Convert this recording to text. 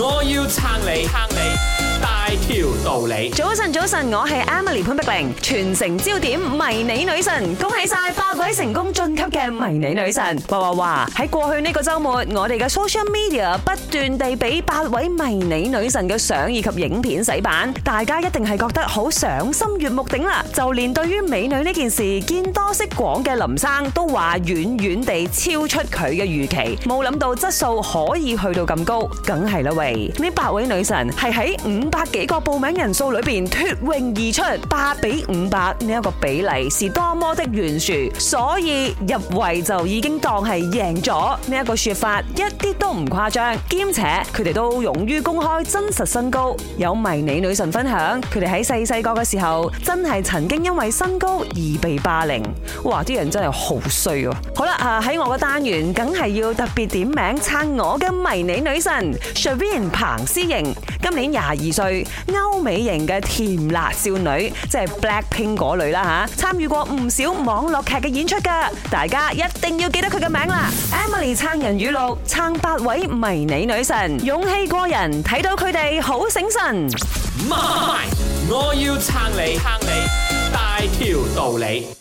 我要撐你，撐你大條道理。早晨，早晨，我係 Emily 潘碧玲，ing，全城焦點迷你女神，恭喜晒八位成功晉級嘅迷你女神。哇哇哇！喺過去呢個週末，我哋嘅 social media 不斷地俾八位迷你女神嘅相以及影片洗版，大家一定係覺得好賞心悅目頂啦。就連對於美女呢件事見多識廣嘅林生都話，遠遠地超出佢嘅預期，冇諗到質素可以去到咁高，梗係啦喂。呢八位女神係喺五百幾個報名人數裏邊脱穎而出，八比五百呢一個比例是多麽的懸殊，所以入圍就已經當係贏咗呢一個說法一，一啲都唔誇張。兼且佢哋都勇於公開真實身高，有迷你女神分享佢哋喺細細個嘅時候，真係曾經因為身高而被霸凌。哇！啲人真係好衰。好啦，喺我個單元，梗係要特別點名撐我嘅迷你女神。彭思瑩，今年廿二歲，歐美型嘅甜辣少女，即係 Blackpink 果女啦吓，參、啊、與過唔少網絡劇嘅演出噶，大家一定要記得佢嘅名啦。 Emily 撐人語錄，撐八位迷你女神，勇氣過人，睇到佢哋好醒神。My, 我要撐你，撐你，大條道理。